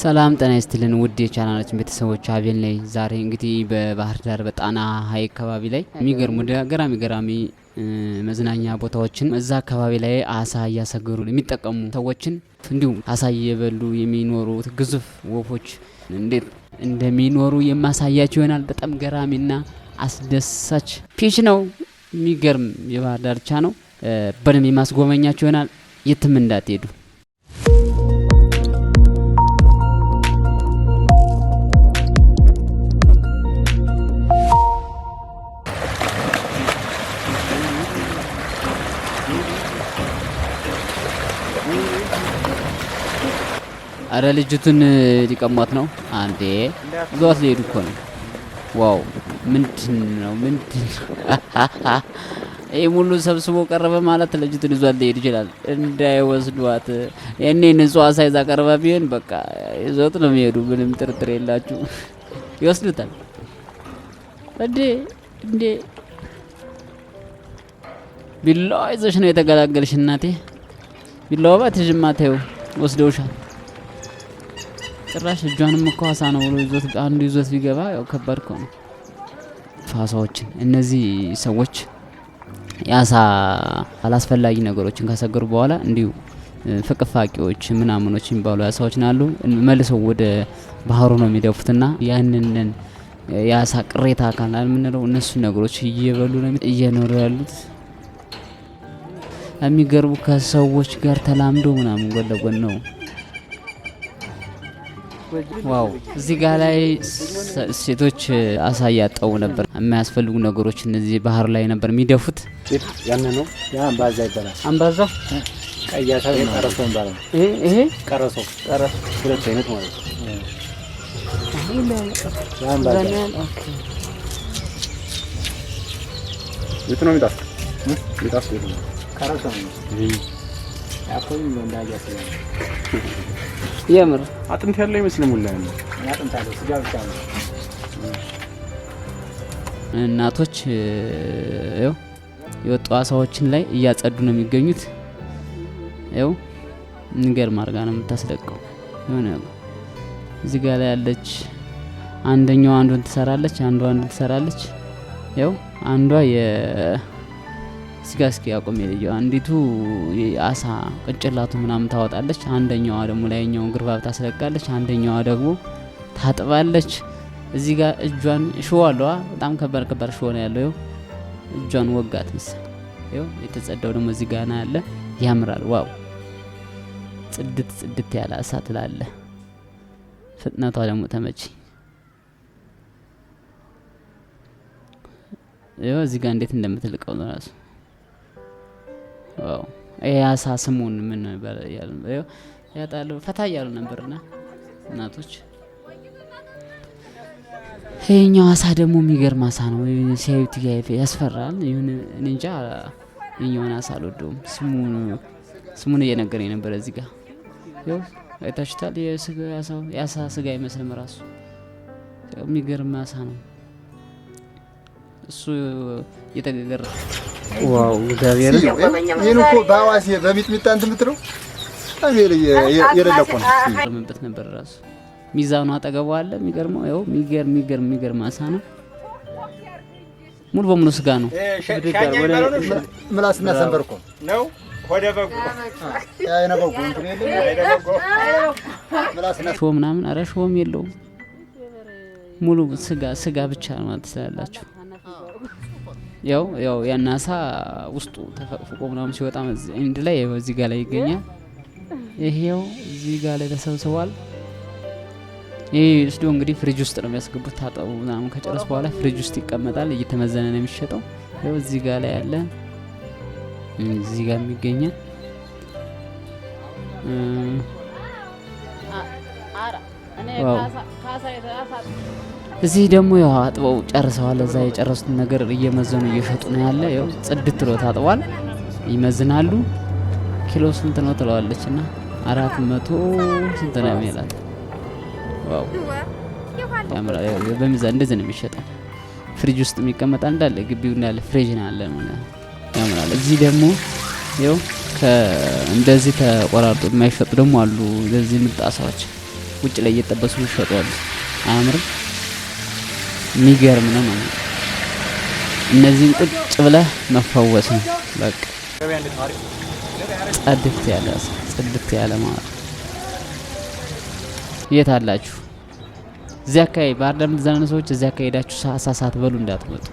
ሰላም ጤና ይስጥልን ውድ የቻናላችን ቤተሰቦች፣ አቤል ነኝ። ዛሬ እንግዲህ በባህር ዳር በጣና ሐይቅ አካባቢ ላይ የሚገርሙ ገራሚ ገራሚ መዝናኛ ቦታዎችን እዛ አካባቢ ላይ አሳ እያሰገሩ የሚጠቀሙ ሰዎችን እንዲሁም አሳ እየበሉ የሚኖሩ ግዙፍ ወፎች እንዴት እንደሚኖሩ የማሳያቸው ይሆናል። በጣም ገራሚና አስደሳች ፒች ነው። የሚገርም የባህር ዳርቻ ነው። በደንብ የማስጎበኛቸው ይሆናል። የትም እንዳትሄዱ። አረ ልጅቱን ሊቀሟት ነው። አንዴ ይዟት ሊሄዱ እኮ ነው። ዋው ምንድን ነው ምንድን ነው ይህ ሙሉ ሰብስቦ ቀረበ ማለት ልጅቱን ይዟት ሊሄድ ይችላል። እንዳይወስዷት የኔ ንጹዋ ሳይዛ ቀረበ ቢሆን በቃ ይዞት ነው የሚሄዱ። ምንም ጥርጥር የላችሁ ይወስዱታል። እንዴ እንዴ ቢላዋ ይዘሽ ነው የተገላገልሽ እናቴ። ቢላዋ ባትይዥማ ተይው ወስደውሻል። ጭራሽ እጇንም እኮ አሳ ነው ብሎ ይዞት አንዱ ይዞት ቢገባ ያው ከባድ እኮ ነው። ፋሳዎችን እነዚህ ሰዎች የአሳ አላስፈላጊ ነገሮችን ካሰገሩ በኋላ እንዲሁ ፍቅፋቂዎች ምናምኖች የሚባሉ አሳዎች ናሉ መልሰው ወደ ባህሩ ነው የሚደፉትና ያንንን የአሳ ቅሬታ አካል የምንለው እነሱን ነገሮች እየበሉ ነው እየኖሩ ያሉት። የሚገርቡ ከሰዎች ጋር ተላምዶ ምናምን ጎን ለጎን ነው ዋው እዚህ ጋ ላይ ሴቶች አሳ እያጠቡ ነበር። የሚያስፈልጉ ነገሮች እነዚህ ባህር ላይ ነበር የሚደፉት። ያን ነው አምባዛ ይባላል። አምባዛ ቀያሳ ቀረሶ ይባላል። ይሄ ቀረሶ ቀረሶ ሁለት አይነት ማለት ነው። የት ነው የሚጣፍ የሚጣፍ ቀረሶ ነው። የምር አጥንት ያለው ይመስልም ሁላ ነው አጥንት ያለው ስጋ ብቻ ነው። እናቶች ው የወጡ አሳዎችን ላይ እያጸዱ ነው የሚገኙት። ው ንገር ማርጋ ነው የምታስለቀው። የሆነ እዚህ ጋ ላይ ያለች አንደኛው አንዱን ትሰራለች፣ አንዷ አንዱን ትሰራለች። ው አንዷ የ ስጋ እስኪ ያቆም የልየው አንዲቱ አሳ ቅንጭላቱ ምናምን ታወጣለች። አንደኛዋ ደግሞ ላይኛውን ግርባብ ታስለቃለች። አንደኛዋ ደግሞ ታጥባለች። እዚህ ጋር እጇን ሽቦ አለዋ። በጣም ከባድ ከባድ ሽቦ ነው ያለው። እጇን ወጋት ምሳ ይኸው የተጸዳው ደግሞ እዚህ ጋር ያለ ያምራል። ዋው ጽድት ጽድት ያለ አሳ ትላለ። ፍጥነቷ ደግሞ ተመቺ ይኸው እዚህ ጋር እንዴት እንደምትልቀው ነው ራሱ ያሳ ስሙን ምን ያጣሉ ፈታ እያሉ ነበርና እናቶች። ይህኛው አሳ ደግሞ የሚገርም አሳ ነው። ሲያዩት ያስፈራል። ይሁን እንጃ ይኛውን አሳ አልወደውም። ስሙን እየነገረኝ የነበረ እዚህ ጋ አይታችሁታል። የአሳ ስጋ አይመስልም ራሱ የሚገርም አሳ ነው እሱ እየተገገረ ዋው እግዚአብሔር ይህን እኮ በሐዋሴ በሚጥሚጣ እንትን የምትለው ነው። ነበር ራሱ ሚዛኑ አጠገቡ አለ። የሚገርመው የሚገርም የሚገርም የሚገርም አሳ ነው። ሙሉ በሙሉ ስጋ ነው። ምላስና ሰንበር እኮ ነው። ወደ እንትን የለም ሾ ምናምን፣ ኧረ ሾም የለውም። ሙሉ ስጋ ስጋ ብቻ ማለት ስላላቸው ያው ያው ያን አሳ ውስጡ ተፈቅፍቆ ምናምን ሲወጣ እንድ ላይ እዚህ ጋ ላይ ይገኛል። ይሄው እዚህ ጋ ላይ ተሰብስቧል። ይህ ስዶ እንግዲህ ፍሪጅ ውስጥ ነው የሚያስገቡት። ታጠቡ ምናምን ከጨረስ በኋላ ፍሪጅ ውስጥ ይቀመጣል። እየተመዘነ ነው የሚሸጠው። ያው እዚህ ጋ ላይ ያለ እዚህ ጋ የሚገኛል። ዋው እዚህ ደግሞ ያው አጥበው ጨርሰዋል። እዛ የጨረሱትን ነገር እየመዘኑ እየሸጡ ነው ያለ። ያው ጽድት ብሎ ታጥቧል። ይመዝናሉ። ኪሎ ስንት ነው ትለዋለች እና አራት መቶ ስንት ነው ይላል። ዋው ያምራ። በሚዛን እንደዚህ ነው የሚሸጠው። ፍሪጅ ውስጥ የሚቀመጣ እንዳለ ግቢው እንዳለ ፍሪጅ ነው ያለ ያምራል። እዚህ ደግሞ ያው እንደዚህ ተቆራርጦ የማይሸጡ ደግሞ አሉ። እንደዚህ ምጣሳዎች ውጭ ላይ እየጠበሱ ይሸጡ አሉ። አያምርም? የሚገርም ነው ማለት ነው። እነዚህን ቁጭ ብለህ መፈወስ ነው በቃ ጽድት ያለ ጽድት ያለ ማለት የት አላችሁ? እዚህ አካባቢ ባህር ዳር የምትዝናኑ ሰዎች እዚህ አካባቢ ሄዳችሁ ሳት በሉ እንዳትመጡ።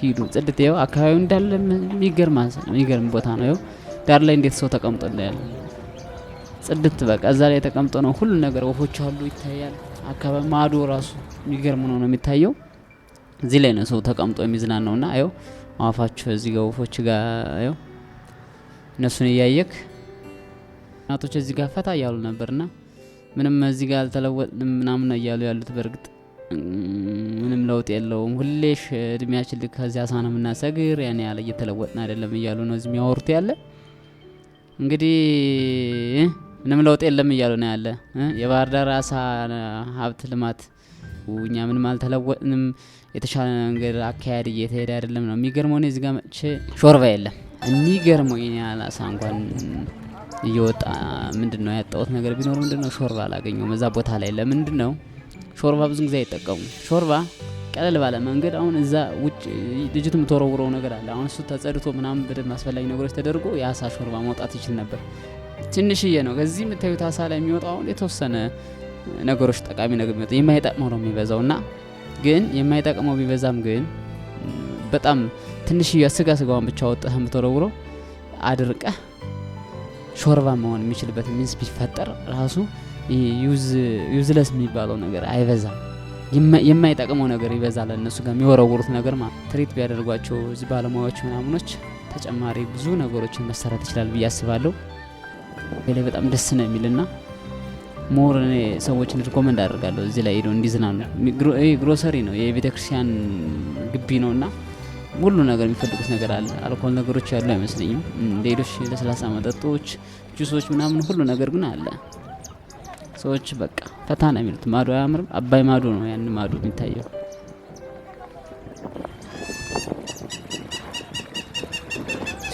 ሂዱ ጽድት ይኸው አካባቢው እንዳለ የሚገርም ቦታ ነው። ይኸው ዳር ላይ እንዴት ሰው ተቀምጦ እንዳያለ ጽድት በቃ እዛ ላይ ተቀምጦ ነው ሁሉ ነገር። ወፎች አሉ ይታያል። አካባቢ ማዶ ራሱ የሚገርም ነው ነው የሚታየው። እዚህ ላይ ነው ሰው ተቀምጦ የሚዝናናው። ና ው አዋፋችሁ እዚህ ጋር ወፎች ጋር ው እነሱን እያየክ እናቶች እዚህ ጋር ፈታ እያሉ ና ምንም እዚህ ጋር አልተለወጥንም ምናምን እያሉ ያሉት በእርግጥ ምንም ለውጥ የለውም። ሁሌሽ እድሜያችን ልክ ከዚያ ሳነ የምናሰግር ያኔ ያለ እየተለወጥን አይደለም እያሉ ነው እዚህ የሚያወሩት ያለ እንግዲህ ምንም ለውጥ የለም እያሉ ነው ያለ የባህር ዳር አሳ ሀብት ልማት እኛ ምንም አልተለወጥንም የተሻለ መንገድ አካሄድ እየተሄደ አይደለም ነው የሚገርመው። እኔ እዚጋ መቼ ሾርባ የለም የሚገርመው ኔ አላሳ እንኳን እየወጣ ምንድን ነው ያጣሁት ነገር ቢኖር ምንድን ነው ሾርባ አላገኘሁም እዛ ቦታ ላይ። ለምንድን ነው ሾርባ ብዙ ጊዜ አይጠቀሙ ሾርባ ቀለል ባለ መንገድ አሁን እዛ ውጭ ልጅቱ የምትወረውረው ነገር አለ። አሁን እሱ ተጸድቶ ምናምን በደንብ አስፈላጊ ነገሮች ተደርጎ የአሳ ሾርባ መውጣት ይችል ነበር። ትንሽዬ ነው። ከዚህ የምታዩት አሳ ላይ የሚወጣው አሁን የተወሰነ ነገሮች ጠቃሚ ነገር የማይጠቅመው ነው የሚበዛው እና ግን የማይጠቅመው ቢበዛም ግን በጣም ትንሽ ስጋ ስጋዋን ብቻ ወጥህ የምትወረውረው አድርቀ ሾርባ መሆን የሚችልበት ሚንስ ቢፈጠር ራሱ ዩዝለስ የሚባለው ነገር አይበዛም። የማይጠቅመው ነገር ይበዛል። እነሱ ጋር የሚወረውሩት ነገር ማ ትሪት ቢያደርጓቸው እዚህ ባለሙያዎች ምናምኖች ተጨማሪ ብዙ ነገሮችን መሰራት ይችላል ብዬ አስባለሁ። በላይ በጣም ደስ ነው የሚልና ሞር ሰዎችን ሪኮመንድ አደርጋለሁ እዚህ ላይ ሄደው እንዲዝናኑ። ግሮሰሪ ነው የቤተክርስቲያን ግቢ ነው እና ሁሉ ነገር የሚፈልጉት ነገር አለ። አልኮል ነገሮች ያሉ አይመስለኝም። ሌሎች ለስላሳ መጠጦች፣ ጁሶች ምናምን ሁሉ ነገር ግን አለ። ሰዎች በቃ ፈታ ነው የሚሉት። ማዶ አያምርም? አባይ ማዶ ነው ያን ማዶ የሚታየው።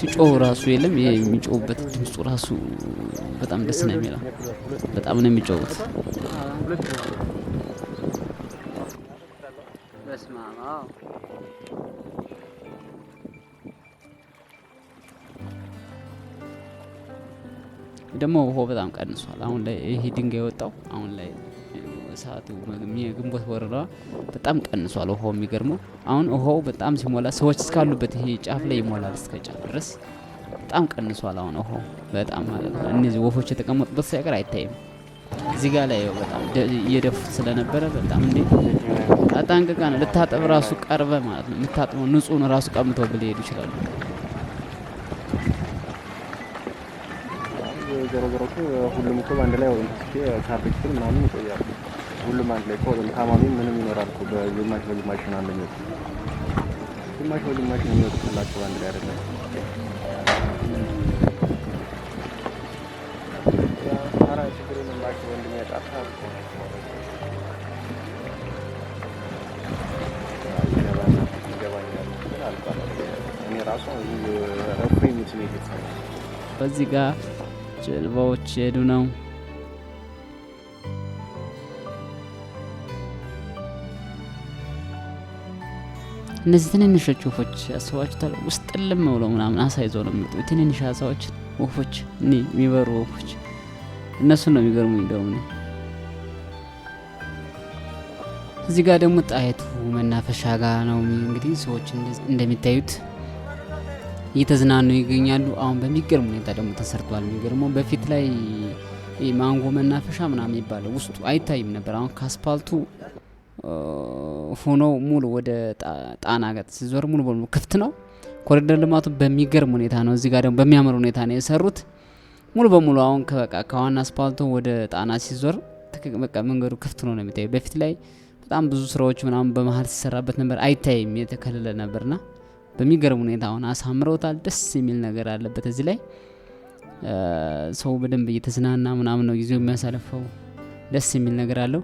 ሲጮው ራሱ የለም ይሄ የሚጮውበት ድምፁ ራሱ በጣም ደስ ነው የሚለው። በጣም ነው የሚጫወት። ደግሞ ውሆ በጣም ቀንሷል። አሁን ላይ ይሄ ድንጋይ የወጣው አሁን ላይ ሰዓቱ የግንቦት ወረራ በጣም ቀንሷል ውሃው። የሚገርመው አሁን ውሃው በጣም ሲሞላ ሰዎች እስካሉበት ይሄ ጫፍ ላይ ይሞላል እስከ ጫፍ ድረስ በጣም ቀንሷል። አሁን ሆ በጣም ማለት ነው እነዚህ ወፎች የተቀመጡበት ሳይቀር አይታይም። እዚህ ጋር ላይ በጣም እየደፉት ስለነበረ በጣም እንዴ አጣንቅቃ ነው ልታጠብ ራሱ ቀርበ ማለት ነው ልታጥበው ንጹህ ነው ራሱ ቀምተው ብል ሄዱ ይችላሉ። ሁሉም እኮ በአንድ ላይ ወይም ካርቤክስን ምናምን ይቆያሉ። ሁሉም አንድ ላይ ታማሚ ምንም ይኖራል። በግማሽ በግማሽ ነው አንደኛ ግማሽ በግማሽ የሚወጡላቸው አንድ ላይ አደለም እዚህ ጋር ጀልባዎች ሄዱ ነው። እነዚህ ትንንሾች ወፎች አስባችሁታል? ውስጥ ልም ብለው ምናምን አሳ ይዘው ነው የሚወጡ ትንንሽ አሳዎች፣ ወፎች፣ የሚበሩ ወፎች። እነሱን ነው የሚገርሙኝ። ነው እዚህ ጋር ደግሞ ጣየቱ መናፈሻ ጋር ነው እንግዲህ ሰዎች እንደሚታዩት እየተዝናኑ ይገኛሉ። አሁን በሚገርም ሁኔታ ደግሞ ተሰርቷል። የሚገርመው በፊት ላይ ማንጎ መናፈሻ ምናምን የሚባለው ውስጡ አይታይም ነበር። አሁን ከአስፓልቱ ሆኖ ሙሉ ወደ ጣና ገጥ ሲዞር ሙሉ በሙሉ ክፍት ነው። ኮሪደር ልማቱ በሚገርም ሁኔታ ነው። እዚህ ጋር ደግሞ በሚያምር ሁኔታ ነው የሰሩት ሙሉ በሙሉ አሁን በቃ ከዋና አስፓልቱ ወደ ጣና ሲዞር በቃ መንገዱ ክፍት ነው ነው የሚታየው። በፊት ላይ በጣም ብዙ ስራዎች ምናምን በመሀል ሲሰራበት ነበር፣ አይታይም የተከለለ ነበርና በሚገርም ሁኔታ አሁን አሳምረውታል። ደስ የሚል ነገር አለበት እዚህ ላይ ሰው በደንብ እየተዝናና ምናምን ነው ጊዜው የሚያሳልፈው። ደስ የሚል ነገር አለው።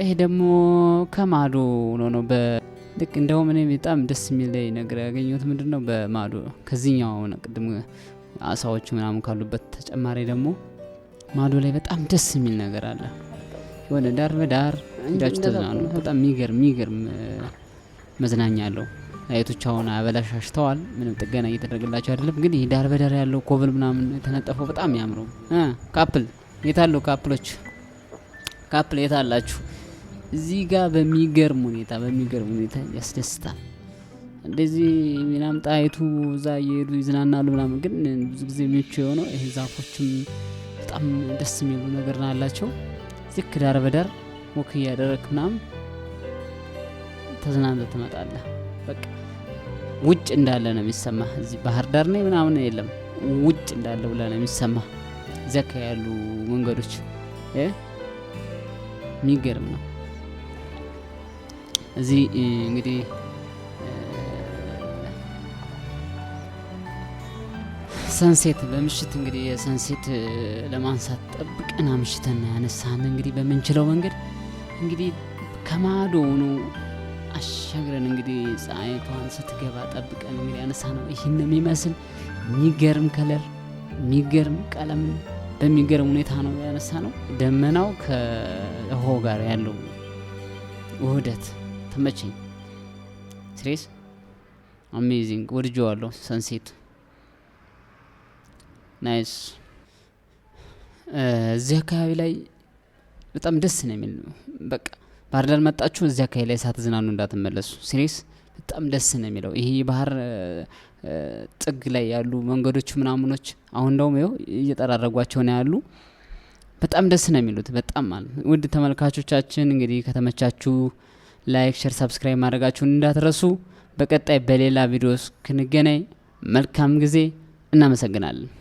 ይሄ ደግሞ ከማዶ ነው ነው ልክ እንደውም እኔ በጣም ደስ የሚል ነገር ያገኘት ምንድን ነው በማዶ ከዚህኛው አሁን ቅድም አሳዎች ምናምን ካሉበት ተጨማሪ ደግሞ ማዶ ላይ በጣም ደስ የሚል ነገር አለ። የሆነ ዳር በዳር ሄዳችሁ ተዝናኑ። በጣም የሚገርም የሚገርም መዝናኛ አለው። የቶቻውን አበላሻሽተዋል። ምንም ጥገና እየተደረገላቸው አይደለም። ግን ይህ ዳር በዳር ያለው ኮብል ምናምን የተነጠፈው በጣም ያምሩ ካፕል የታለው ካፕሎች ካፕል የታላችሁ እዚህ ጋር በሚገርም ሁኔታ በሚገርም ሁኔታ ያስደስታል። እንደዚህ ምናምን ጣይቱ እዛ እየሄዱ ይዝናናሉ ምናምን። ግን ብዙ ጊዜ ምቹ የሆነው ይህ ዛፎችም በጣም ደስ የሚሉ ነገር ናላቸው። ዝክ ዳር በዳር ወክ እያደረግ ምናምን ተዝናንተ ትመጣለህ። በቃ ውጭ እንዳለ ነው የሚሰማ። እዚህ ባህር ዳር ነኝ ምናምን የለም ውጭ እንዳለ ብለ ነው የሚሰማ። ዘካ ያሉ መንገዶች የሚገርም ነው። እዚህ እንግዲህ ሰንሴት በምሽት እንግዲህ የሰንሴት ለማንሳት ጠብቀን አምሽተን ያነሳን እንግዲህ በምንችለው መንገድ እንግዲህ ከማዶ ነው አሻግረን እንግዲህ ፀሐይቷን ስትገባ ጠብቀን እንግዲህ ያነሳ ነው። ይህን የሚመስል የሚገርም ከለር የሚገርም ቀለም በሚገርም ሁኔታ ነው ያነሳ ነው። ደመናው ከውሃ ጋር ያለው ውህደት ተመቸኝ። ስሬስ አሜዚንግ ወድጀዋለሁ። ሰንሴት ናይስ። እዚህ አካባቢ ላይ በጣም ደስ ነው የሚል በቃ ባህር ዳር መጣችሁ እዚያ አካባቢ ላይ ሳትዝናኑ እንዳትመለሱ። ሲሪስ በጣም ደስ ነው የሚለው ይሄ የባህር ጥግ ላይ ያሉ መንገዶች ምናምኖች አሁን እንደውም ይኸው እየጠራረጓቸው ነው ያሉ። በጣም ደስ ነው የሚሉት በጣም ማለት ውድ ተመልካቾቻችን እንግዲህ ከተመቻችሁ ላይክ፣ ሸር፣ ሳብስክራይብ ማድረጋችሁን እንዳትረሱ። በቀጣይ በሌላ ቪዲዮ እስክንገናኝ መልካም ጊዜ። እናመሰግናለን።